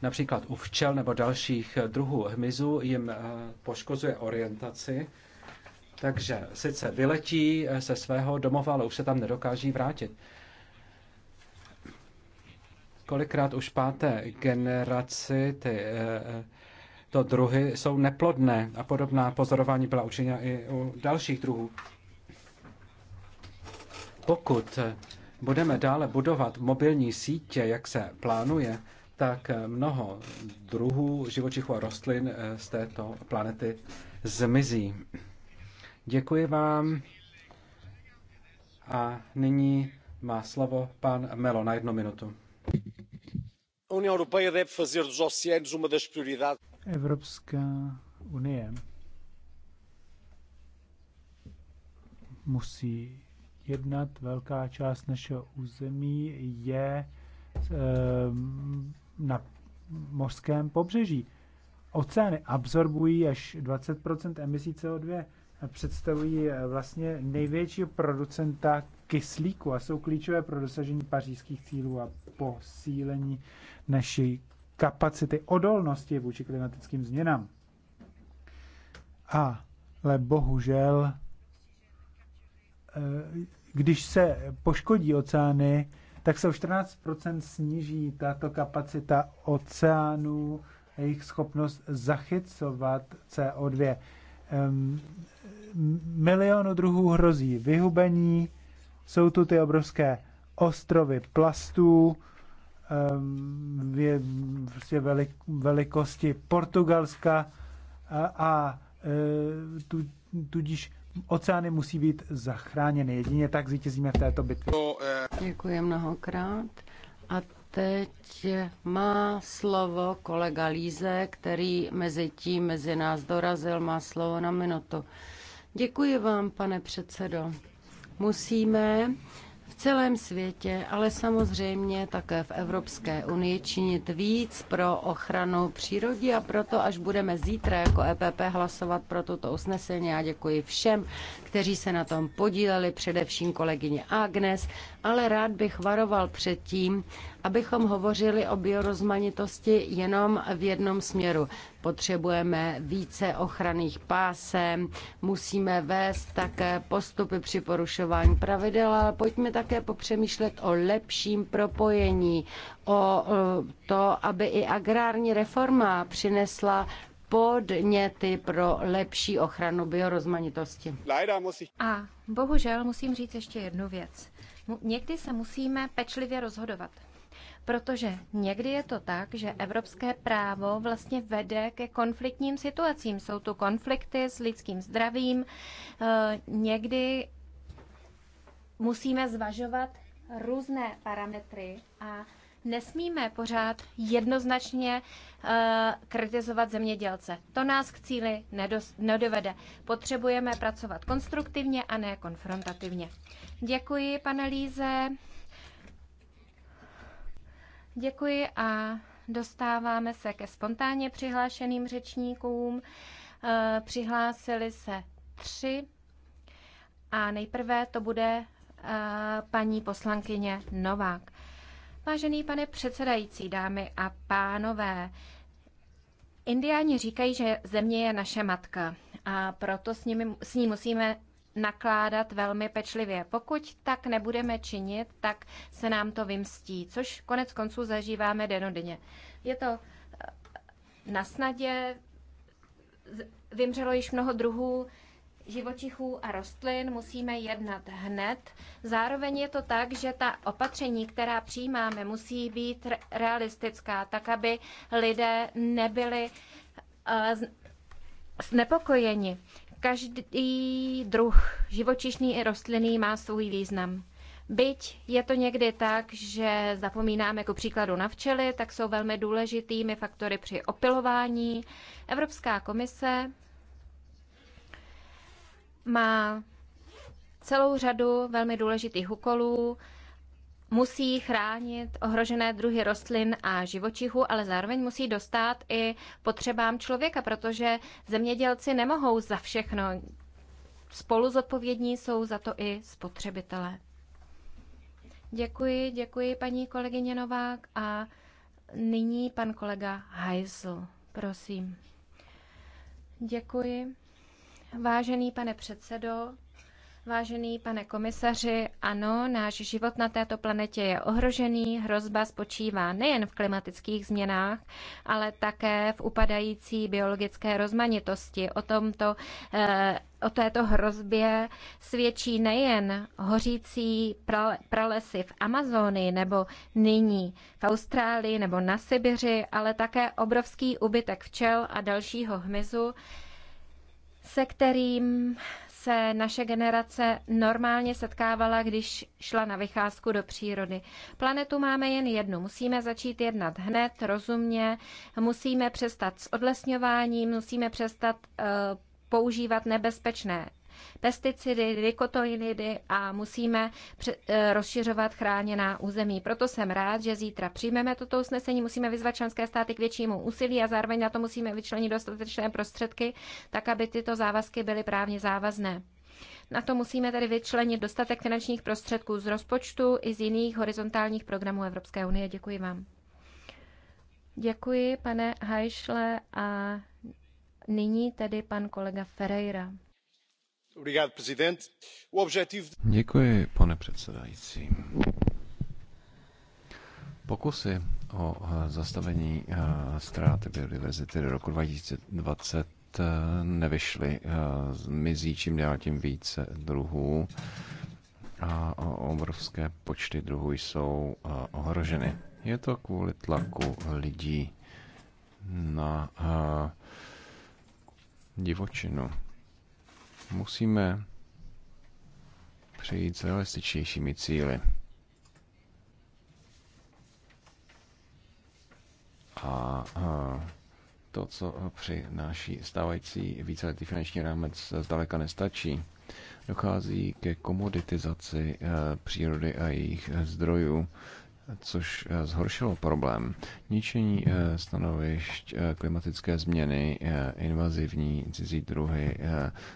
například u včel nebo dalších druhů hmyzu jim eh, poškozuje orientaci. Takže sice vyletí se eh, svého domova, ale už se tam nedokáží vrátit. Kolikrát už páté generaci ty to druhy jsou neplodné a podobná pozorování byla učiněna i u dalších druhů. Pokud budeme dále budovat mobilní sítě, jak se plánuje, tak mnoho druhů živočichů a rostlin eh, z této planety zmizí. Děkuji vám. A nyní má slovo pan Melo na jednu minutu. Evropská unie musí jednat. Velká část našeho území je ehm, na mořském pobřeží. Oceány absorbují až 20 emisí CO2 a představují eh, vlastně největšího producenta kyslíku a jsou klíčové pro dosažení pařížských cílů a posílení naší kapacity odolnosti vůči klimatickým změnám. Ale bohužel Eh, když se poškodí oceány, tak se o 14% sníží tato kapacita oceánů, jejich schopnost zachycovat CO2. Milionu druhů hrozí vyhubení, jsou tu ty obrovské ostrovy plastů, je prostě velik, velikosti Portugalska a, a eh, tudíž Oceány musí být zachráněny. Jedině tak zvítězíme v této bitvě. Děkuji mnohokrát. A teď má slovo kolega Líze, který mezi tím mezi nás dorazil, má slovo na minutu. Děkuji vám, pane předsedo. Musíme celém světě, ale samozřejmě také v Evropské unii činit víc pro ochranu přírody a proto, až budeme zítra jako EPP hlasovat pro toto usnesení, já děkuji všem, kteří se na tom podíleli, především kolegyně Agnes ale rád bych varoval před tím, abychom hovořili o biorozmanitosti jenom v jednom směru. Potřebujeme více ochranných pásem, musíme vést také postupy při porušování pravidel, ale pojďme také popřemýšlet o lepším propojení, o to, aby i agrární reforma přinesla podněty pro lepší ochranu biorozmanitosti. A bohužel musím říct ještě jednu věc. Někdy se musíme pečlivě rozhodovat. Protože někdy je to tak, že evropské právo vlastně vede ke konfliktním situacím. Jsou tu konflikty s lidským zdravím, e, někdy musíme zvažovat různé parametry a nesmíme pořád jednoznačně uh, kritizovat zemědělce. To nás k cíli nedos- nedovede. Potřebujeme pracovat konstruktivně a ne konfrontativně. Děkuji, pane Líze. Děkuji a dostáváme se ke spontánně přihlášeným řečníkům. Uh, přihlásili se tři a nejprve to bude uh, paní poslankyně Novák. Vážený pane předsedající, dámy a pánové, Indiáni říkají, že země je naše matka a proto s, nimi, s ní musíme nakládat velmi pečlivě. Pokud tak nebudeme činit, tak se nám to vymstí, což konec konců zažíváme denodenně. Je to eh, na snadě, vymřelo již mnoho druhů živočichů a rostlin musíme jednat hned. Zároveň je to tak, že ta opatření, která přijímáme, musí být realistická, tak aby lidé nebyli eh, znepokojeni. Každý druh živočišný i rostlinný má svůj význam. Byť je to někdy tak, že zapomínáme jako příkladu na včely, tak jsou velmi důležitými faktory při opilování. Evropská komise má celou řadu velmi důležitých úkolů, musí chránit ohrožené druhy rostlin a živočichů, ale zároveň musí dostat i potřebám člověka, protože zemědělci nemohou za všechno. Spolu zodpovědní jsou za to i spotřebitelé. Děkuji, děkuji paní kolegyně Novák a nyní pan kolega Heisel, prosím. Děkuji. Vážený pane předsedo, vážený pane komisaři, ano, náš život na této planetě je ohrožený, hrozba spočívá nejen v klimatických změnách, ale také v upadající biologické rozmanitosti. O tomto eh, o této hrozbě svědčí nejen hořící pralesy v Amazonii nebo nyní v Austrálii nebo na Sibiři, ale také obrovský ubytek včel a dalšího hmyzu, se kterým se naše generace normálně setkávala, když šla na vycházku do přírody. Planetu máme jen jednu. Musíme začít jednat hned, rozumně, musíme přestat s odlesňováním, musíme přestat uh, používat nebezpečné pesticidy, rikotoinidy a musíme eh, rozšiřovat chráněná území. Proto jsem rád, že zítra přijmeme toto usnesení, musíme vyzvat členské státy k většímu úsilí a zároveň na to musíme vyčlenit dostatečné prostředky, tak aby tyto závazky byly právně závazné. Na to musíme tedy vyčlenit dostatek finančních prostředků z rozpočtu i z jiných horizontálních programů Evropské unie. Děkuji vám. Děkuji, pane Hajšle, a nyní tedy pan kolega Ferreira pane předsedající. Pokusy o eh, zastavení eh, ztráty biodiverzity do roku 2020 eh, nevyšly. Zmizí čím dál tím více druhů a obrovské počty druhů jsou ohroženy. Je to kvůli tlaku lidí na divočinu Musíme přejít s realističnějšími cíly. A, to, co při naší stávající víceletý finanční rámec, zdaleka nestačí. Dochází ke komoditizaci eh, přírody a jejich zdrojů, což eh, zhoršilo problém. Ničení eh, stanovišť, eh, klimatické změny, invazivní cizí druhy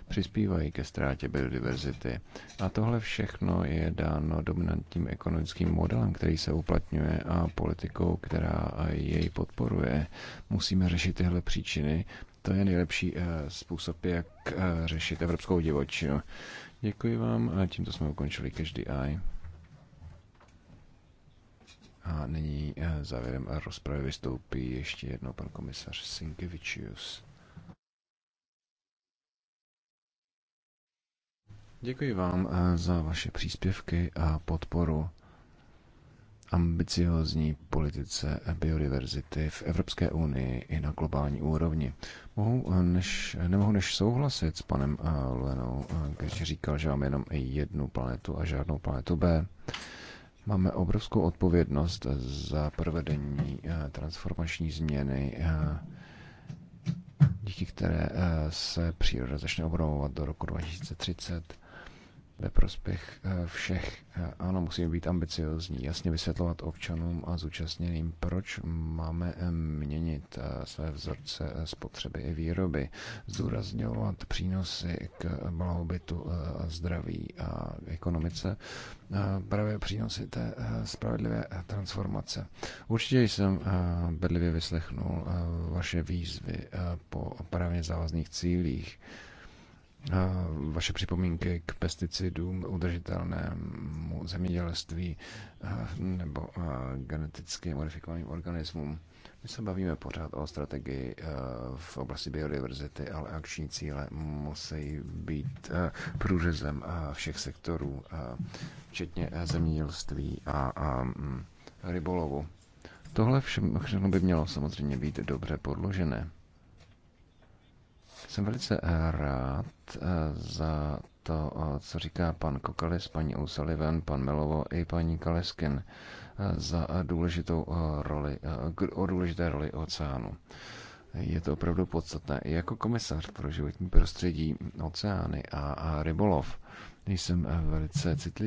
přispívají ke ztrátě biodiverzity. A tohle všechno je dáno dominantním ekonomickým modelem, který se uplatňuje a politikou, která jej podporuje. Musíme řešit tyhle příčiny. To je nejlepší způsob, jak řešit evropskou divočinu. Děkuji vám a tímto jsme ukončili každý eye. A nyní eh, závěrem rozpravy vystoupí ještě jednou pan komisař Sinkevičius. Děkuji vám eh, za vaše příspěvky a podporu ambiciozní politice biodiverzity v Evropské unii i na globální úrovni. Mohu eh, než, nemohu než souhlasit s panem Lenou, když říkal, že mám jenom jednu planetu a žádnou planetu B. Máme obrovskou odpovědnost za provedení eh, transformační změny, eh, díky které eh, se příroda začne obnovovat do roku 2030 ve prospěch eh, všech. Eh, ano, musíme být ambiciozní, jasně vysvětlovat občanům a zúčastněným, proč máme eh, měnit své vzorce spotřeby i výroby, zdůrazňovat přínosy k blahobytu, zdraví a ekonomice, právě přínosy té spravedlivé transformace. Určitě jsem bedlivě vyslechnul vaše výzvy po právě závazných cílích vaše připomínky k pesticidům, udržitelnému zemědělství nebo geneticky modifikovaným organismům. My se bavíme pořád o strategii v oblasti biodiverzity, ale akční cíle musí být průřezem všech sektorů, včetně zemědělství a mm, rybolovu. Tohle všechno by mělo samozřejmě být dobře podložené. Jsem velice eh, rád eh, za to, eh, co říká pan Kokalis, paní O'Sullivan, pan Melovo i paní Kaleskin za důležitou roli, o důležité roli oceánu. Je to opravdu podstatné. I jako komisař pro životní prostředí, oceány a rybolov jsem velice citlivý